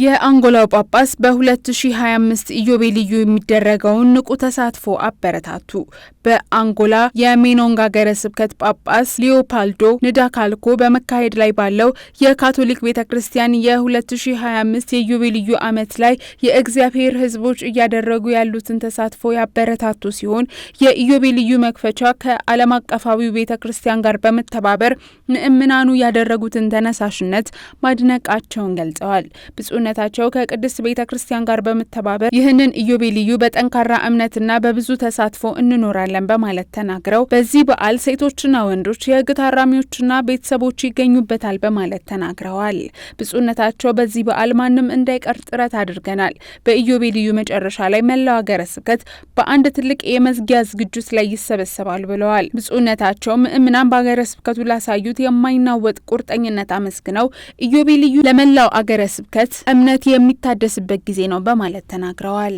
የአንጎላው ጳጳስ በ2025 ኢዮቤልዩ የሚደረገውን ንቁ ተሳትፎ አበረታቱ። በአንጎላ የሜኖንግ ሀገረ ስብከት ጳጳስ ሊዮፓልዶ ንዳካልኮ በመካሄድ ላይ ባለው የካቶሊክ ቤተ ክርስቲያን የ2025 የኢዮቤልዩ ዓመት ላይ የእግዚአብሔር ሕዝቦች እያደረጉ ያሉትን ተሳትፎ ያበረታቱ ሲሆን የኢዮቤልዩ መክፈቻ ከዓለም አቀፋዊው ቤተ ክርስቲያን ጋር በመተባበር ምእምናኑ ያደረጉትን ተነሳሽነት ማድነቃቸውን ገልጸዋል። አብሮነታቸው ከቅድስት ቤተ ክርስቲያን ጋር በመተባበር ይህንን ኢዮቤልዩ በጠንካራ እምነትና በብዙ ተሳትፎ እንኖራለን በማለት ተናግረው በዚህ በዓል ሴቶችና ወንዶች፣ የህግ ታራሚዎችና ቤተሰቦች ይገኙበታል በማለት ተናግረዋል። ብፁዕነታቸው በዚህ በዓል ማንም እንዳይቀር ጥረት አድርገናል። በኢዮቤልዩ መጨረሻ ላይ መላው ሀገረ ስብከት በአንድ ትልቅ የመዝጊያ ዝግጅት ላይ ይሰበሰባል ብለዋል። ብፁዕነታቸው ምእምናን በሀገረ ስብከቱ ላሳዩት የማይናወጥ ቁርጠኝነት አመስግነው ኢዮቤልዩ ለመላው አገረ ስብከት እምነት የሚታደስበት ጊዜ ነው በማለት ተናግረዋል።